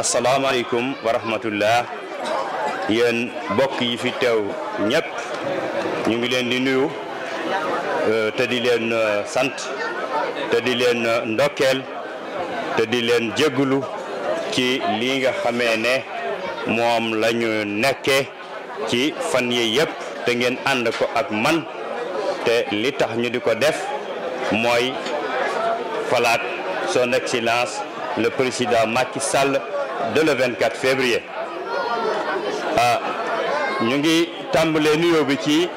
asalaamaaleykum wa rahmatullah yéen mbokk yi fi teew ñëpp ñu ngi leen di nuyu euh, te di leen euh, sant te di leen euh, ndokkeel te di leen jégalu ci li nga xamee ne moom la ñu nekkee ci fan yi yëpp te ngeen ànd ko ak man te li tax ñu di ko def mooy falaat son excellence le président Macky Sall de le 24 février ah ñu ngi tàmbalee nuyoo bi ci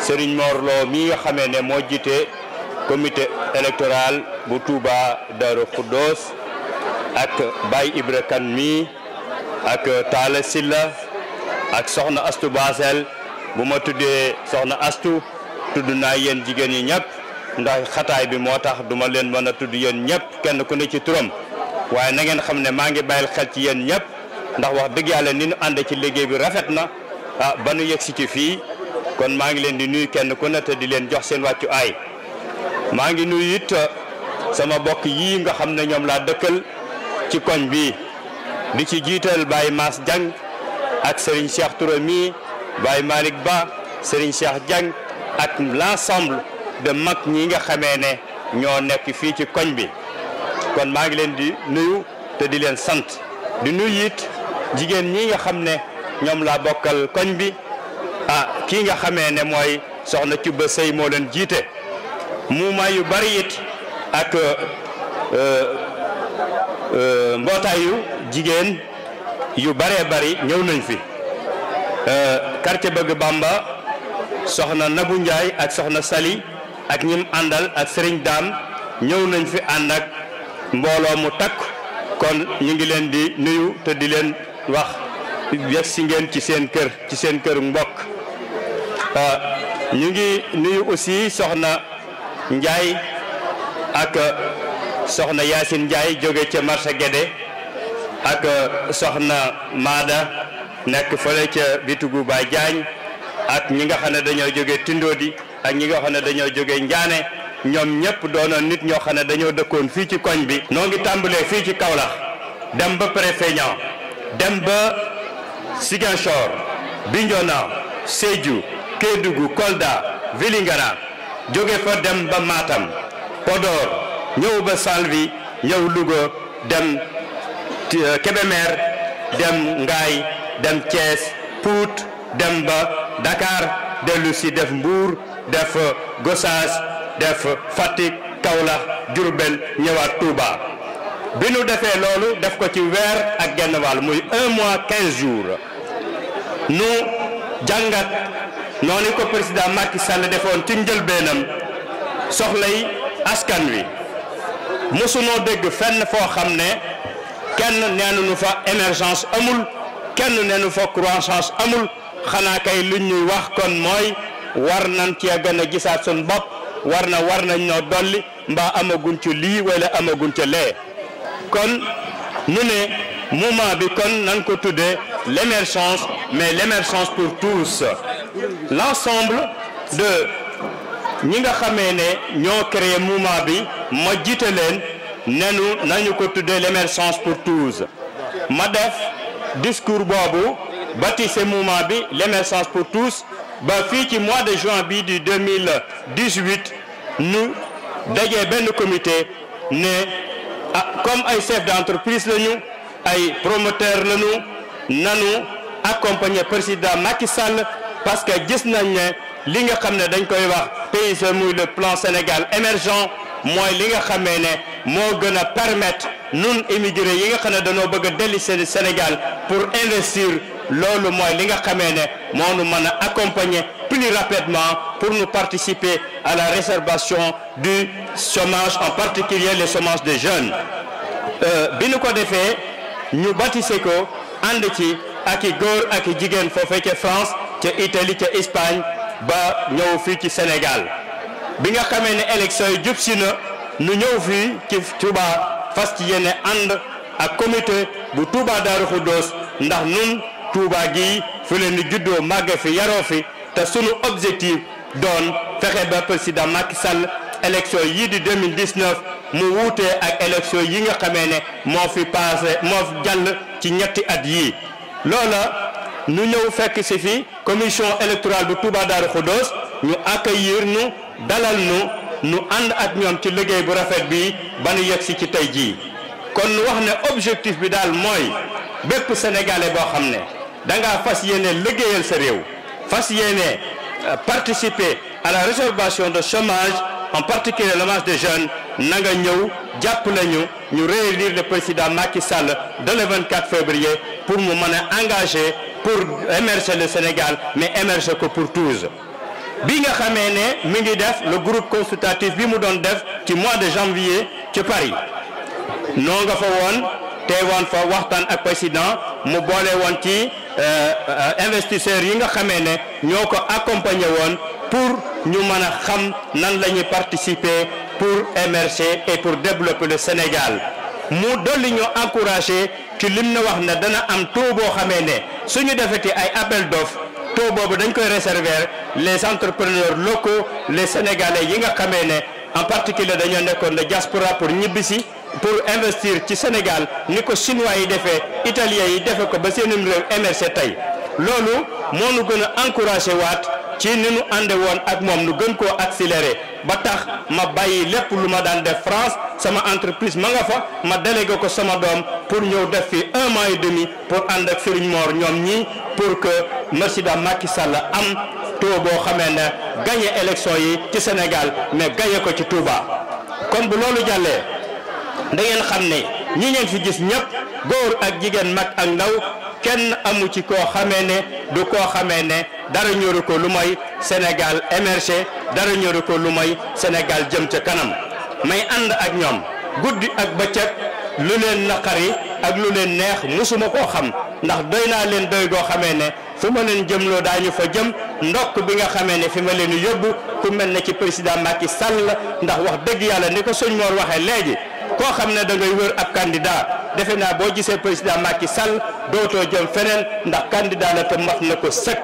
Serigne Mor Lo mi nga xamee ne moo jiite comité électoral bu Touba Darou Khoudoss ak bay Ibra Kane mi ak Talla Silla ak Soxna Astu Basel bu ma tuddee Soxna Astu tudd naa yéen jigéen yi ñëpp ndax xataay bi moo tax duma leen mën a tudd yéen ñëpp kenn ku ne ci turam waaye na ngeen xam ne maa ngi bàyyil xel ci yéen ñëpp ndax wax dëgg yàlla ni ñu ànd ci liggéey bi rafet na ah ba nu yegsi ci fii kon maa ngi leen di nuyu kenn ku ne te di leen jox seen wàccu aay maa ngi nuyu it ah, sama bokk yii nga xam ne ñoom laa dëkkal ci koñ bi di ci jiital Baye Mass Dieng ak Serigne Cheikh Touré mi Baye Malick Ba Serigne Cheikh Dieng ak l'ensemble de mag ñi nga xamee ne ñoo nekk fii ci koñ bi kon maa ngi leen di nuyu te di leen sant di nuyu it jigéen ñi nga xam ne ñoom la bokkal koñ bi ah kii nga xamee ne mooy soxna Cubba Sëy moo leen jiite muuma yu bari it ak euh, euh, mbootaayu jigéen yu baree bari ñëw nañ fi euh, quartier bëgg Bamba soxna Nabu Njaay ak soxna Sali ak ñim àndal ak Sëriñ Daam ñëw nañ fi ànd ak mbooloo mu takk kon ñu ngi leen di nuyu te di leen wax yegg si ngeen ci seen kër ci seen kër mbokk ah, ñu ngi nuyu aussi soxna Njaay ak soxna Yaasin Njaay jóge ca marché Guédé ak soxna Maada nekk fële ca bitugu Ba Jaañ ak ñi nga xam ne dañoo jóge Tindóodi ak ñi nga xam ne dañoo jóge Njaane ñoom ñëpp doona nit ñoo xam ne dañoo dëkkoon fii ci koñ bi noo ngi tàmbalee fii ci Kaolack dem ba Préfeignan dem ba Ziguinchor Bignona Sédhiou Kédougou Kolda Vélingara jóge fa dem ba Matam Podor ñëw ba Salvi ñëw Louga dem euh, Kébémer dem Ngaay dem Thiès Pout dem ba Dakar dellu si def Mbour def euh, Gossas def Fatick Kaolack Diourbel ñëwaat Touba bi nu defee loolu def ko ci weer ak genn wàll muy un mois quinze jours nu jàngat noonu ko président Macky Sall defoon ci njëlbeenam soxlay askan wi mosunoo dégg fenn foo xam ne kenn neenu fa émergence amul kenn neenu fa croissance amul xanaa kay lu ñuy wax kon mooy war nañ cee gën a gisaat suñu bopp war na war nañ ñoo dolli mbaa amaguñ ci lii wala amaguñ ci lee kon ñu ne moment bi kon nañ ko tuddee l'émergence mais l'émergence pour tous l'ensemble de ñi nga xamee ne ñoo créé mouvement bi ma jiite leen nenu nañu ko tuddee l'émergence pour tous ma def discours boobu bâtissé mouvement bi pour tous ba fii ci mois de juin bi du 2018 ñu dajee benn comité ne ah comme ay chef d'entreprise lañu ay promoteur lañu nanu accompagner président Macky Sall parce que gis nañ ne li nga xam ne dañ koy wax PSE muy le plan Sénégal émergent mooy li nga xamee ne moo gën a permettre nun immigré yi nga xam ne dañoo bëgg a delli Sénégal pour investir loolu mooy li nga xamee ne moo nu mën a accompagner plus rapidement pour nous participer à la réservation du chômage en particulier le chômage des jeunes euh, bi nu ko defee ñu bâtissé ko ànd ci ak i góor ak i jigéen foofee ca France ca Italie ca Espagne ba ñëw fii ci Sénégal bi nga xamee ne élection yi jub si na nu ñëw fii ci Touba fas ci yéene ànd ak comité bu Touba Darou Khoudoss ndax Touba gi fi leen di juddoo màgge fi yaroo fi te sunu objectif doon fexe ba président Macky Sall élection yii di 2019 mu wuutee ak élection yi nga xamee ne moo fi passé moo fi jàll ci ñetti at yii loola nu ñëw fekk si fi commission électorale bu Touba Darou Khoudoss ñu accueillir nu dalal nu nu ànd ak ñoom ci liggéey bu rafet bi ba nu yegg si ci tey jii kon nu wax ne objectif bi daal mooy bépp sénégalais boo xam ne da ngaa fas yéene liggéeyal sa réew fas yéene euh, participer à la résorption de chômage en particulier le chômage des jeunes nanga nga ñëw jàppale ñu ñu réélire le président Macky Sall de le 24 février pour mu mën a engagé pour émerger le Sénégal mais émerger ko pour tous. bi nga xamee ne mi ngi def le groupe consultatif bi mu doon def ci mois de janvier ci Paris noo nga fa woon teewoon fa waxtaan ak président mu boole woon ci. Euh, euh, investisseurs yi nga xamee ne ñoo ko accompagner woon pour ñu mën a xam nan la ñuy participer pour émerger et pour développer le Sénégal mu dolli ñu encourager ci lim na wax ne dana am taux boo xamee ne defee ti ay appel d'offres taux boobu dañ koy réserver les entrepreneurs locaux les Sénégalais yi nga xamee ne en particulier dañoo nekkoon la diaspora pour ñibbisi pour investir ci Sénégal ni ko chinois yi defee italiens yi defee ko ba seenum réew émerger tey loolu moo nu gën a encouragé waat ci ni nu àndee woon ak moom nu gën koo accéléré ba tax ma bàyyi lépp lu ma daan def France sama entreprise ma nga fa ma délégué ko sama doom pour ñëw def fi un mois et demi pour ànd ak Serigne Mor ñoom ñii pour que Mercida Macky Sall am taux boo xamee ne gagné élection yi ci Sénégal mais gagné ko ci Touba kon bu loolu jàllee da ngeen xam ne ñi ngeen fi gis ñëpp góor ak jigéen mag ak ndaw kenn amu ci koo xamee ne du koo xamee ne dara ñoru ko lu mooy Sénégal émergé dara ñoru ko lu may Sénégal jëm ca kanam may ànd ak ñoom guddi ak bëccëg lu leen naqari ak lu leen neex musuma koo xam ndax doy naa leen doy goo xamee ne fu ma leen jëmloo daañu fa jëm ndokk bi nga xamee ne fi ma leen yóbbu ku mel ne ci président Macky Sall ndax wax dëgg yàlla ni ko soñ moor waxee léegi koo xam ne da ngay wër ab candidat defe naa boo gisee président Macky sal dootoo jëm feneen ndax candidat la te mat na ko sëkk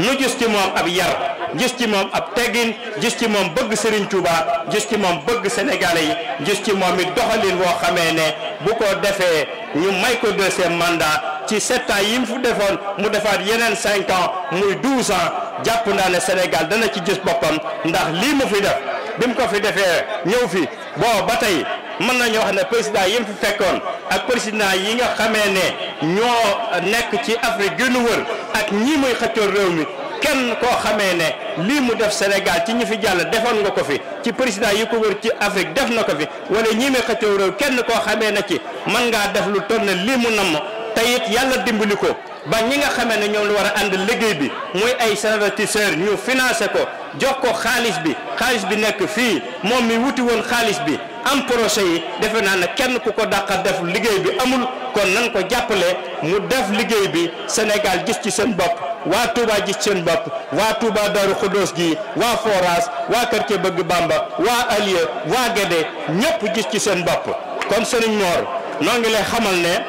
ñu gis ci moom ab yar gis ci moom ab teggin gis ci moom bëgg Serigne Touba gis ci moom bëgg Sénégalais yi gis ci moom it doxalin woo xamee ne bu ko defee ñu may ko deuxième mandat ci sept ans yi mu fu defoon mu defaat yeneen cinq ans muy douze ans jàpp naa ne Sénégal dana ci gis boppam ndax lii mu fi def bi mu ko fi defee ñëw fi boo ba tey mën nañoo wax ne président yi mu fi fekkoon ak président yi nga xamee ne ñoo nekk ci Afrique gënu wër ak ñii muy xëccoo réew mi kenn koo xamee ne lii mu def Sénégal ci ñi fi jàll defoon nga ko fi ci président yi ko wër ci Afrique def na ko fi wala ñi muy xëccoo réew kenn koo xamee na ci man ngaa def lu toll ne lii mu namm te it yàlla dimbali ko ba ñi nga xamee ne ñoom lu war a ànd liggéey bi muy ay serviteurs ñu financé ko jox ko xaalis bi xaalis bi nekk fii moom mi wuti woon xaalis bi am projet yi defe naa ne kenn ku ko dàqa def liggéey bi amul ko nan ko jàppale mu def liggéey bi Sénégal gis ci seen bopp waa Touba gis seen bopp waa Touba Darou Khoudoss gi waa Foras waa quartier Bëgg Bamba waa Alieu waa Guédé ñëpp gis ci seen bopp kon sëriñ Mor noo ngi lay xamal ne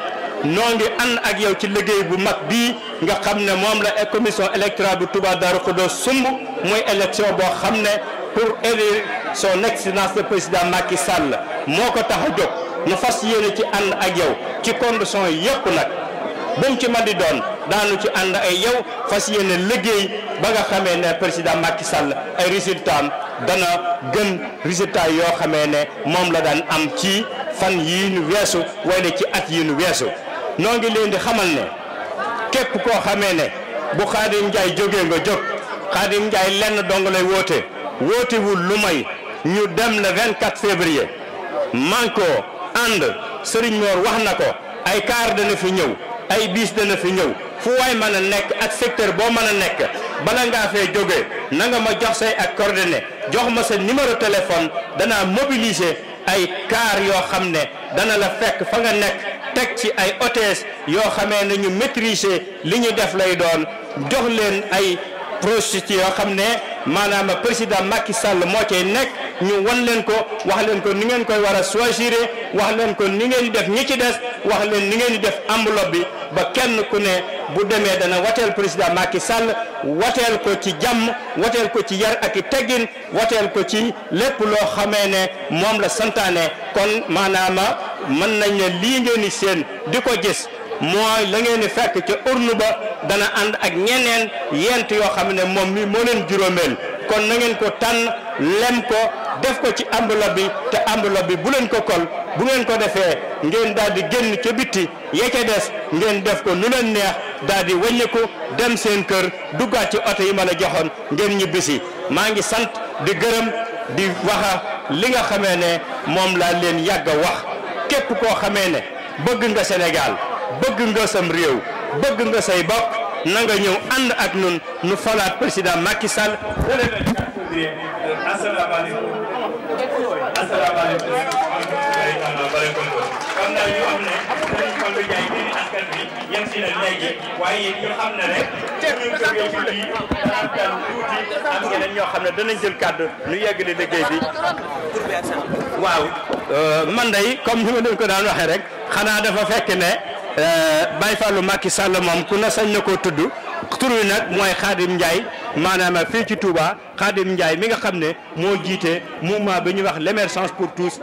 noo ngi ànd ak yow ci liggéey bu mag bii nga xam ne moom la commission électorale bu Touba Darou Khoudoss sumb muy élection boo xam ne pour soo son excellence le président Macky Sall moo ko tax a jóg ñu fas yéene ci ànd ak yow ci condition yëpp nag bu mu ci mën di doon daanu ci ànd ay yow fas yéene liggéey ba nga xamee ne président Macky Sall ay résultats am dana gën résultat yoo xamee ne moom la daan am ci fan yii nu weesu wala ci at yii nu weesu noo ngi leen di xamal ne képp koo xamee ne bu Khadim Ndiaye jógee nga jóg Khadim Ndiaye lenn dong lay woote. wootewul lu may ñu dem le 24 février manko ànd Serigne Mor wax na ko ay car dana fi ñëw ay biis dana fi ñëw fu waay mën a nekk ak secteur boo mën a nekk bala ngaa fee jógee na nga ma jox say ak coordonnées jox ma sa numéro téléphone dana mobiliser ay car yoo xam ne dana la fekk fa nga nekk teg ci ay hôtesse yoo xamee ne ñu li ñu def lay doon jox ay prostituées yoo xam ne maanaam président Macky Sall moo cay nekk ñu wan leen ko wax leen ko ni ngeen koy war a choisir wax leen ko ni ngeen def ñi ci des wax leen ni ngeen di def enveloppe bi ba kenn ku ne bu demee dana wateel président Macky Sall wateel ko ci jàmm wateel ko ci yar ak i teggin wateel ko ci lépp loo xamee ne moom la santaane kon maanaam mën nañ ne lii ngeen di seen di ko gis mooy la fekk ca urne ba. dana ànd ak ñeneen yent yoo xam ne moom mi moo leen juróomeel kon na ngeen ko tànn lem ko def ko ci enveloppe bi te enveloppe bi bu leen ko kol bu ngeen ko defee ngeen daal di génn ca bitti ya ca des ngeen def ko nu leen neex daal di wàññiku dem seen kër duggaat ci oto yi ma la joxoon ngeen ñibbisi maa ngi sant di gërëm di waxa li nga xamee ne moom laa leen yàgg a wax képp koo xamee ne bëgg nga Sénégal bëgg nga sam réew bëgg nga say bopp na nga ñëw ànd ak ñun nu falaat président Macky Sall. ñu am ne dañu ko xam ne ñoo xam ne danañ jël kàddu ñu yeggale liggéey bi. waaw euh, man day comme ni ma leen ko daan waxee rek xanaa dafa fekk ne. Euh, Baye Fallou Macky Sall moom ku na sañ na koo tudd tur nag mooy Khadim Ndiaye maanaam fii ci Touba Khadim Ndiaye mi nga xam ne moo jiite mouvement ba ñuy wax l'émergence pour tous.